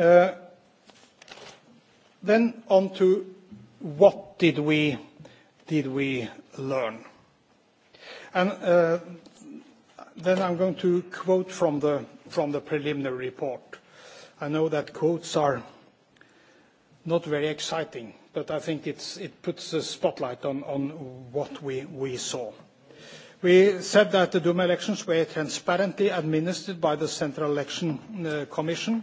Uh, then on to what did we, did we learn? And uh, then I'm going to quote from the, from the preliminary report. I know that quotes are not very exciting, but I think it's, it puts a spotlight on, on what we, we saw. We said that the Duma elections were transparently administered by the Central Election uh, Commission,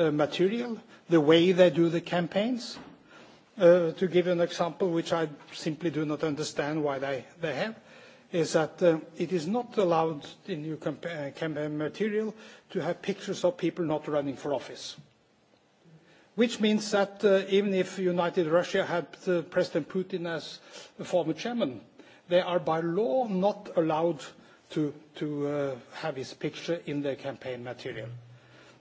Uh, material, the way they do the campaigns. Uh, to give an example, which I simply do not understand why they, they have, is that uh, it is not allowed in your uh, campaign material to have pictures of people not running for office. Which means that uh, even if United Russia had uh, President Putin as the former chairman, they are by law not allowed to, to have his picture in their campaign material. Mm -hmm.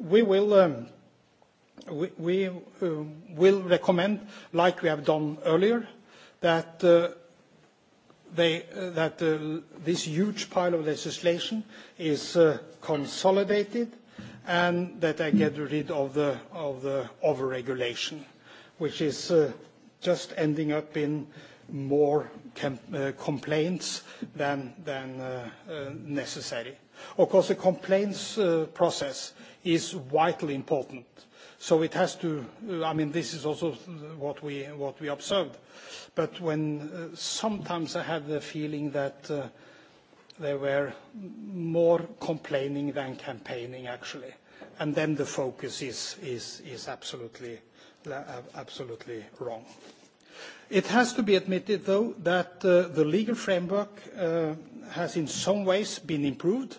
we will um, we, we uh, will recommend, like we have done earlier, that uh, they, uh, that uh, this huge pile of legislation is uh, consolidated and that they get rid of the of the overregulation, which is uh, just ending up in more complaints than than necessary. Of course, the complaints uh, process is vitally important. So it has to, uh, I mean, this is also what we, what we observed. But when uh, sometimes I had the feeling that uh, there were more complaining than campaigning, actually. And then the focus is, is, is absolutely, absolutely wrong. It has to be admitted, though, that uh, the legal framework uh, has in some ways been improved.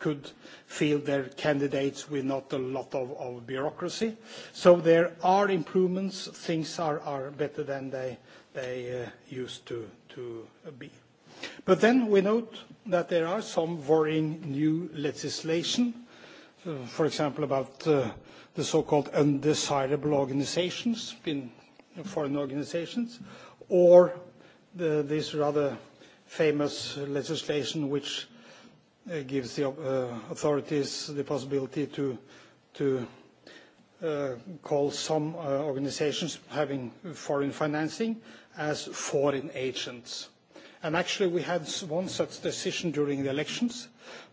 could field their candidates with not a lot of, of bureaucracy. So there are improvements. Things are, are better than they, they uh, used to, to be. But then we note that there are some worrying new legislation, uh, for example, about uh, the so-called undesirable organizations, in foreign organizations, or the, this rather famous legislation which Uh, gives the uh, authorities the possibility to, to Uh, call some uh, organizations having foreign financing as foreign agents. And actually, we had one such decision during the elections.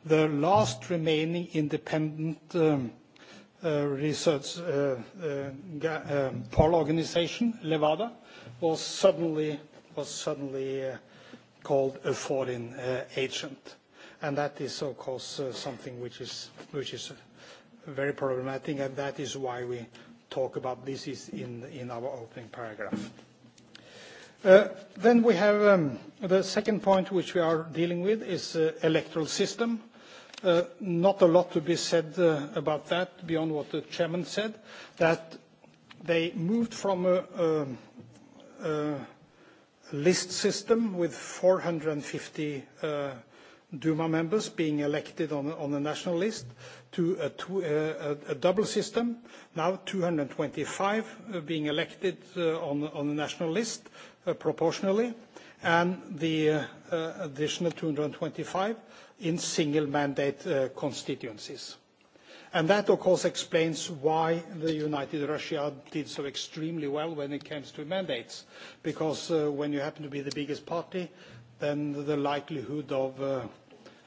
The last remaining independent um, uh, research uh, um, poll organization, Levada, was suddenly, was suddenly called a foreign agent and that is, of course, uh, something which is, which is uh, very problematic, and that is why we talk about this is in, in our opening paragraph. Uh, then we have um, the second point which we are dealing with is electoral system. not a lot to be said about that beyond what the chairman said, that they moved from a um, list system with 450 Duma members being elected on, on the national list to a, uh, a, a double system, now 225 uh, being elected uh, on, on the national list uh, proportionally, and the uh, uh, additional 225 in single mandate constituencies. And that, of course, explains why the United Russia did so extremely well when it comes to mandates, because when you happen to be the biggest party, then the likelihood of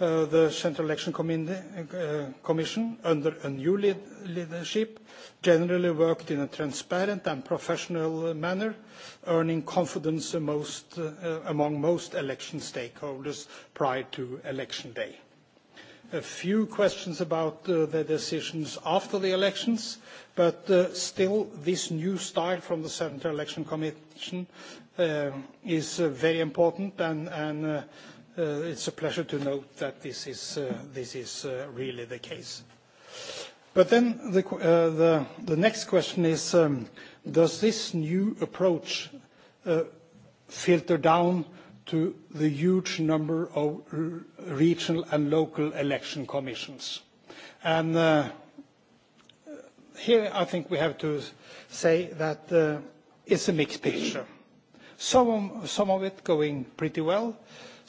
Uh, the Central Election uh, Commission, under a new leadership, generally worked in a transparent and professional manner, earning confidence most, uh, among most election stakeholders prior to election day a few questions about uh, the decisions after the elections, but uh, still, this new style from the Central Election Commission uh, is very important and, and Uh, it's a pleasure to note that this is, uh, this is uh, really the case. But then the, the, the next question is, um, does this new approach filter down to the huge number of regional and local election commissions? And uh, here I think we have to say that uh, it's a mixed picture. Some some of it going pretty well,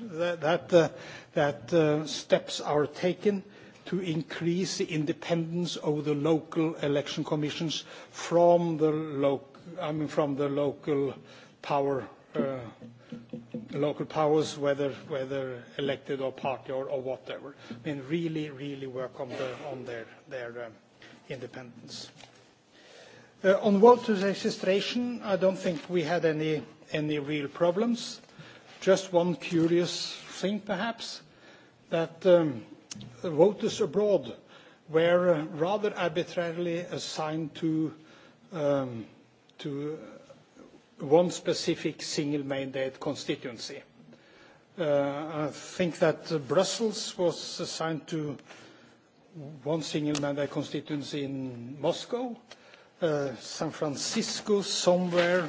that, uh, uh, steps are taken to increase the independence of the local election commissions from the, I mean, from the local power uh, local powers, whether whether elected or party or, whatever. I mean, really, really work on their um, independence. on voter registration, I don't think we had any any real problems. Just one curious thing, perhaps, that um, voters abroad were uh, rather arbitrarily assigned to, um, to uh, one specific single mandate constituency. Uh, I think that uh, Brussels was assigned to one single mandate constituency in Moscow, uh, San Francisco somewhere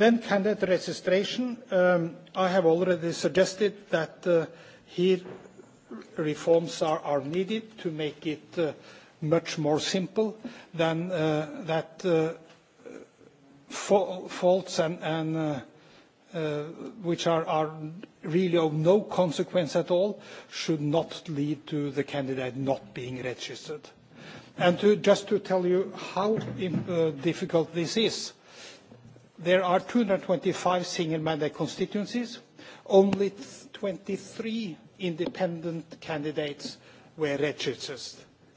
Then candidate registration, um, I have already suggested that uh, here reforms are, are needed to make it uh, much more simple than uh, that uh, fa faults and, and uh, uh, which are, are really of no consequence at all should not lead to the candidate not being registered. And to, just to tell you how uh, difficult this is, There are 225 single mandate constituencies. Only 23 independent candidates were registered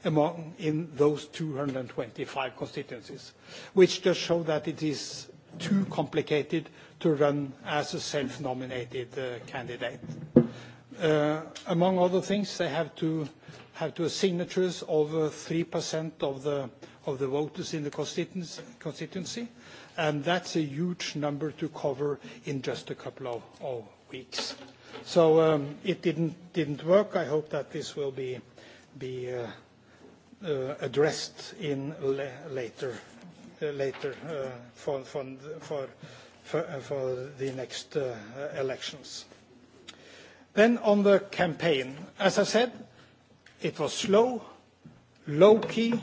among in those 225 constituencies, which just show that it is too complicated to run as a self-nominated uh, candidate. Uh, among other things, they have to have to signatures of 3% uh, of the of the voters in the constituency, constituency and that's a huge number to cover in just a couple of, of weeks. So um, it didn't, didn't work. I hope that this will be, be uh, uh, addressed in later, uh, later uh, for, for, for, for uh, the next uh, elections. Then on the campaign, as I said, it was slow, low-key,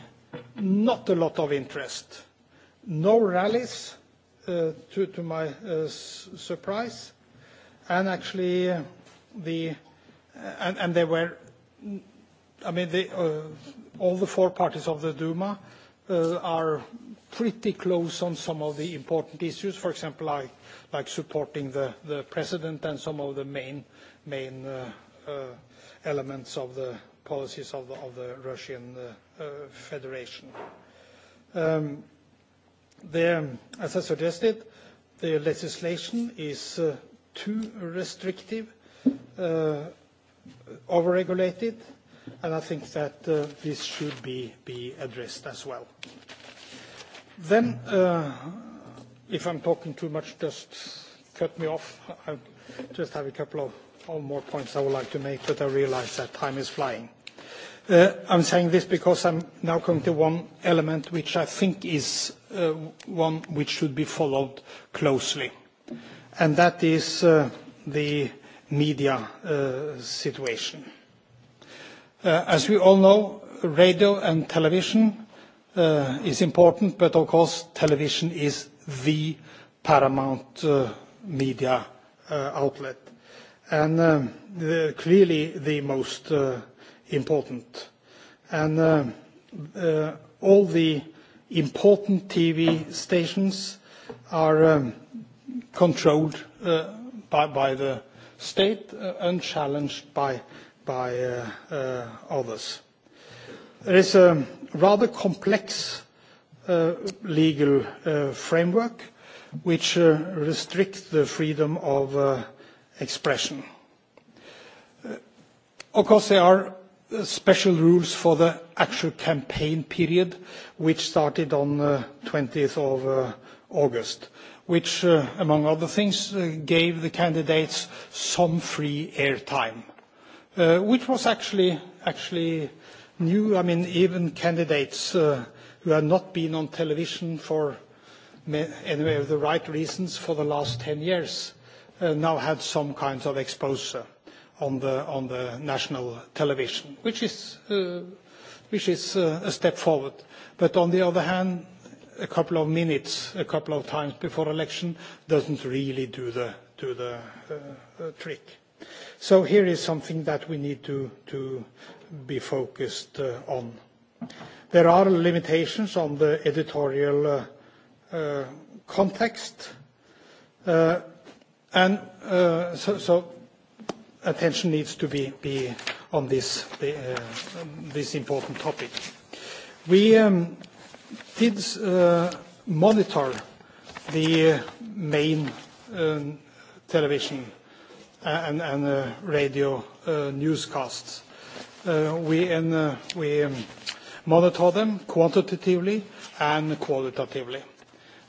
not a lot of interest no rallies, uh, to, to my uh, surprise. And actually, uh, the uh, and, and they were, I mean, they, uh, all the four parties of the Duma uh, are pretty close on some of the important issues. For example, like, like supporting the, the president and some of the main main elements of the policies of the, of the Russian Federation. Um, Um, as I suggested, the legislation is uh, too restrictive, uh, over-regulated, and I think that uh, this should be, be addressed as well. Then, if I'm talking too much, just cut me off. I just have a couple of more points I would like to make, but I realize that time is flying. Uh, I'm saying this because I'm now coming to one element which I think is uh, one which should be followed closely, and that is uh, the media uh, situation. Uh, as we all know, radio and television is important, but of course, television is the paramount media outlet, and um, the, clearly the most important. And uh, uh, all the important TV stations are um, controlled uh, by, by the state, uh, unchallenged by, by uh, uh, others. There is a rather complex uh, legal uh, framework which uh, restricts the freedom of uh, expression. Uh, of course, there are special rules for the actual campaign period, which started on uh, 20th of uh, August, which, uh, among other things, uh, gave the candidates some free airtime, uh, which was actually actually new. I mean, even candidates uh, who had not been on television for anyway the right reasons for the last 10 years uh, now had some kinds of exposure on the, on the national television, which is, uh, which is uh, a step forward. But on the other hand, a couple of minutes, a couple of times before election doesn't really do the, do the uh, uh trick. So here is something that we need to, to be focused uh, on. There are limitations on the editorial uh, context. And so, so attention needs to be, be on this, uh, this important topic. We um, did uh, monitor the main um, television uh, and, and uh, radio uh, newscasts. Uh, we, and, we um, monitor them quantitatively and qualitatively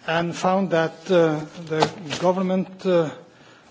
and found that the government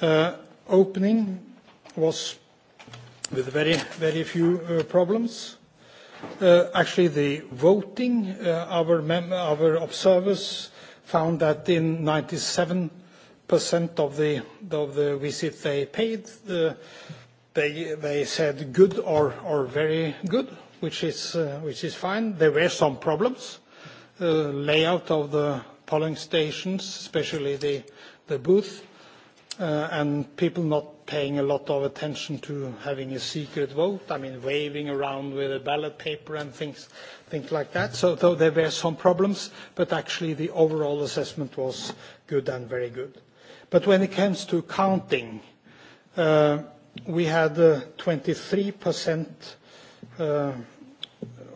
Uh, opening was with very, very few uh, problems. Uh, actually, the voting, uh, our, mem our observers found that in 97% of the, of the visits they paid, they, they said good or, or very good, which is, uh, which is fine. There were some problems. Uh, layout of the polling stations, especially the, the booth, Uh, and people not paying a lot of attention to having a secret vote, I mean, waving around with a ballot paper and things, things like that. So though there were some problems, but actually the overall assessment was good and very good. But when it comes to counting, uh, we had uh, 23% uh,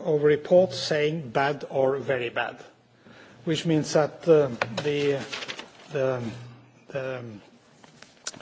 of reports saying bad or very bad, which means that uh, the, the, the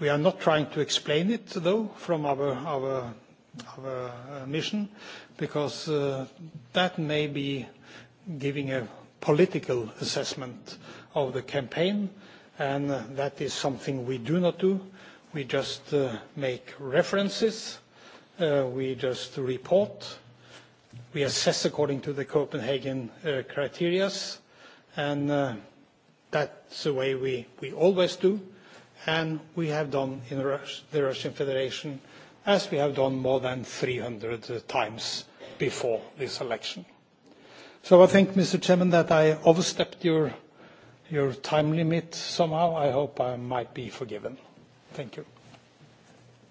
We are not trying to explain it, though, from our, our, our uh, mission, because uh, that may be giving a political assessment of the campaign, and uh, that is something we do not do. We just uh, make references, uh, we just report, we assess according to the Copenhagen uh, criteria, and uh, that's the way we, we always do and we have done in the Russian Federation as we have done more than 300 uh, times before this election. So I think, Mr. Chairman, that I overstepped your, your time limit somehow. I hope I might be forgiven. Thank you.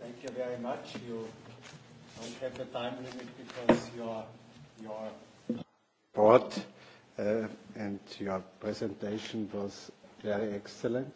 Thank you very much. You don't have a time limit because your, your report uh, and your presentation was very excellent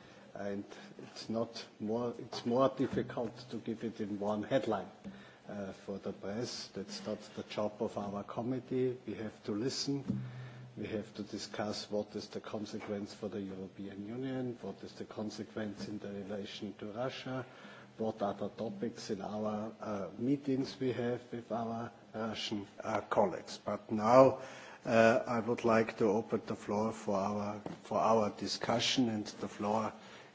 and it's not more, it's more difficult to give it in one headline uh, for the press. That's not the job of our committee. We have to listen. We have to discuss what is the consequence for the European Union, what is the consequence in the relation to Russia, what are the topics in our uh, meetings we have with our Russian uh, colleagues. But now uh, I would like to open the floor for our, for our discussion and the floor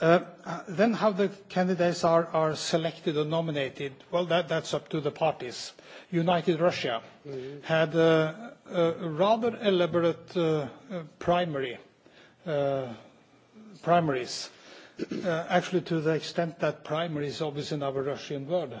Uh, then how the candidates are, are selected or nominated, well, that, that's up to the parties. United Russia mm-hmm. had a, a rather elaborate uh, uh primary, uh, primaries, uh, actually to the extent that primaries, obviously, in our Russian word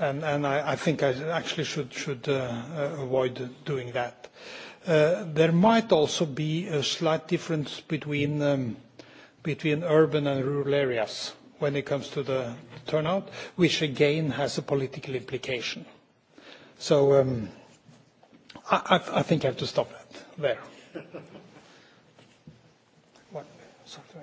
and, and I, I think I actually should, should uh, uh, avoid doing that. Uh, there might also be a slight difference between, um, between urban and rural areas when it comes to the turnout, which again has a political implication. So um, I, I, I think I have to stop that there. What, something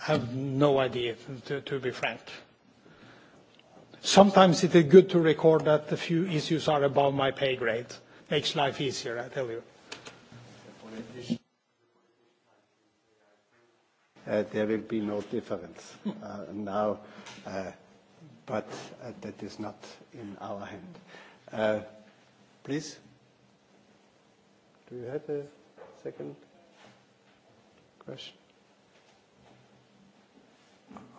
have no idea, to, to be frank. Sometimes it is good to record that a few issues are above my pay grade. Makes life easier, I tell you. Uh, there will be no difference uh, now, uh, but uh, that is not in our hand. Uh, please. Do you have a second question?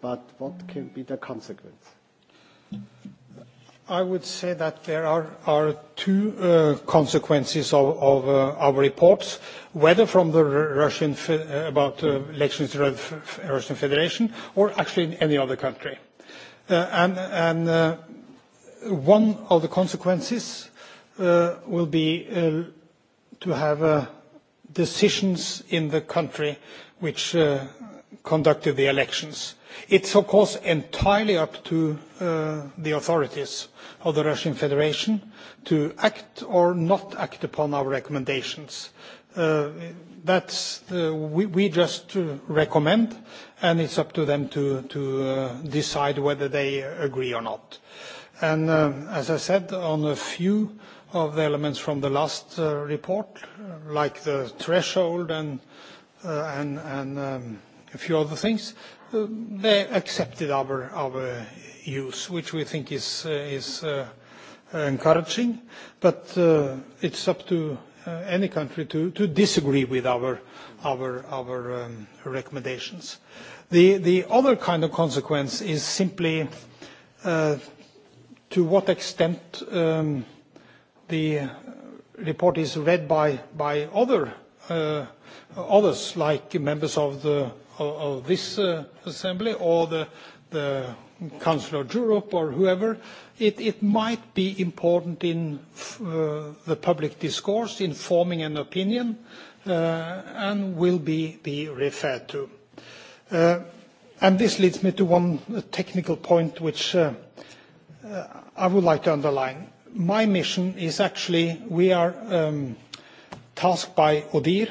but what can be the consequence? I would say that there are, are two uh, consequences of, of uh, our reports, whether from the Russian fe uh, about uh, elections in the Russian Federation or actually in any other country. Uh, and, and uh, one of the consequences will be to have decisions in the country which conducted the elections. It's of course entirely up to uh, the authorities of the Russian Federation to act or not act upon our recommendations. Uh, that's we, we just recommend, and it's up to them to, to uh, decide whether they agree or not. And uh, as I said, on a few of the elements from the last uh, report, like the threshold and, and, and um, a few other things. Uh, they accepted our, our use, which we think is, uh, is uh, encouraging, but it's up to any country to, to disagree with our, our, our um, recommendations. The, the other kind of consequence is simply uh, to what extent um, the report is read by, by other, uh, others, like members of the of, of this uh, assembly or the, the Council of Europe or whoever, it, it might be important in uh, the public discourse, in forming an opinion, uh, and will be, be referred to. Uh, and this leads me to one technical point which uh, uh, I would like to underline. My mission is actually, we are um, tasked by ODIHR,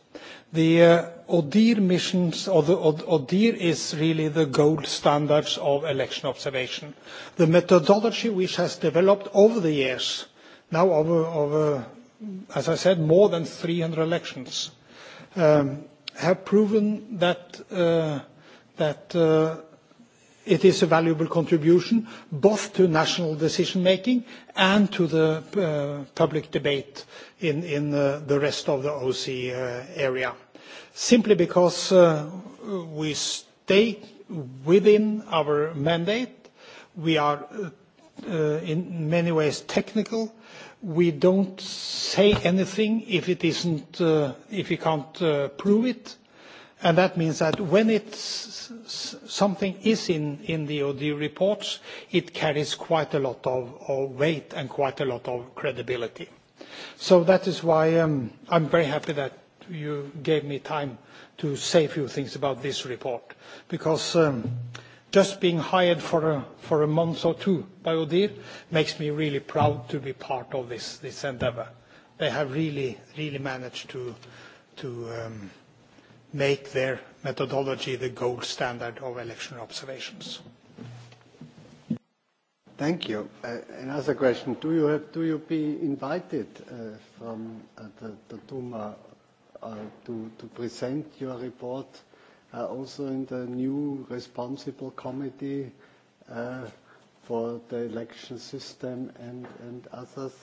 The uh, ODIHR missions, or the ODIHR is really the gold standards of election observation. The methodology which has developed over the years, now over, over as I said, more than 300 elections, um, have proven that, uh, that uh, it is a valuable contribution both to national decision-making and to the uh, public debate in, in uh, the rest of the OC uh, area. Simply because uh, we stay within our mandate, we are uh, uh, in many ways technical. We don't say anything if it isn't if we can't prove it And That means that when it's something is in in the OD reports, it carries quite a lot of of weight and quite a lot of credibility. So That is why um, I'm very happy that you gave me time to say a few things about this report, because um, just being hired for a for a month or two by ODIHR makes me really proud to be part of this this endeavor. They have really really managed to to um, make their methodology the gold standard of election observations. Thank you. Uh, another question. Do you, have, do you be invited uh, from uh, the, the Duma uh, to, to present your report uh, also in the new responsible committee uh, for the election system and, and others?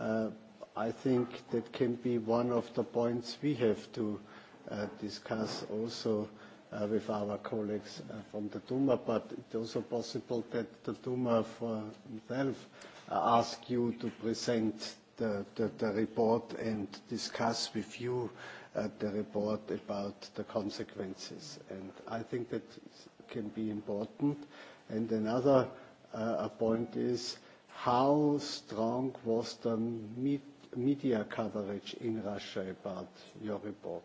Uh, I think that can be one of the points we have to uh, Uh, discuss also uh, with our colleagues uh, from the Duma, but it's also possible that the Duma for himself uh, ask you to present the, the, the report and discuss with you uh, the report about the consequences. And I think that can be important. And another uh, point is how strong was the media coverage in Russia about your report?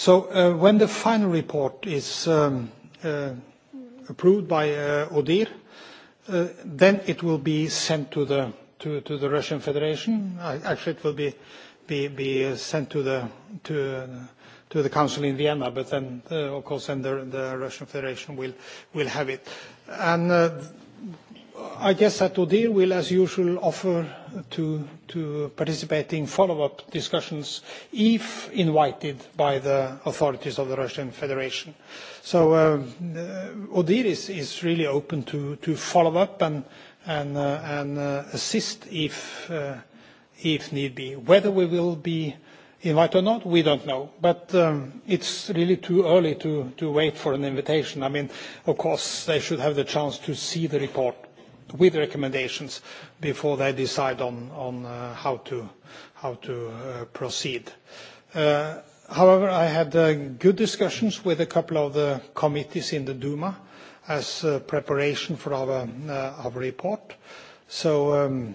So, uh, when the final report is um, uh, approved by uh, ODIHR, uh, then it will be sent to the, to, to the Russian Federation. Actually, it will be, be, be uh, sent to the, to the council in Vienna, but then, uh, of course, then the, the Russian Federation will, will have it. And I guess that Odile will, as usual, offer to, to participate in follow-up discussions if invited by the authorities of the Russian Federation. So uh, Odile is, is really open to, to follow up and, and, uh, and uh, assist if, uh, if need be. Whether we will be invited or not, we don't know. But um, it's really too early to, to wait for an invitation. I mean, of course, they should have the chance to see the report with recommendations before they decide on, uh, how to, uh, proceed. Uh, however, I had good discussions with a couple of the committees in the Duma as preparation for our, report. So, um,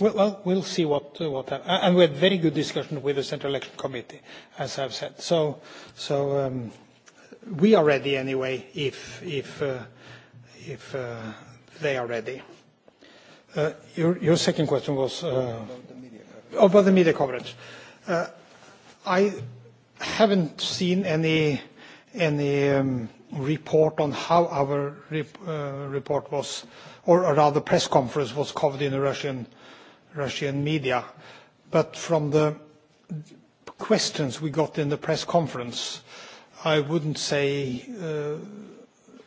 well, we'll see what, what happens. And we had very good discussion with the Central Election Committee, as I've said. So, um, we are ready anyway if, if, if they are ready. Uh, your, your second question was uh, about the media coverage. Uh, I haven't seen any any um, report on how our rep, uh, report was, or, or rather press conference was covered in the Russian Russian media. But from the questions we got in the press conference, I wouldn't say uh,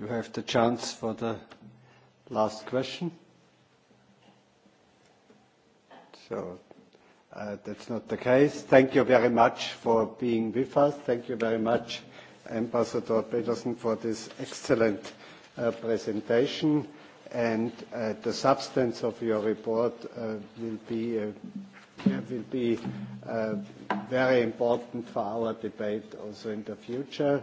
You have the chance for the last question. So uh, that's not the case. Thank you very much for being with us. Thank you very much, Ambassador Pedersen, for this excellent uh, presentation. And uh, the substance of your report will be will be very important for our debate also in the future.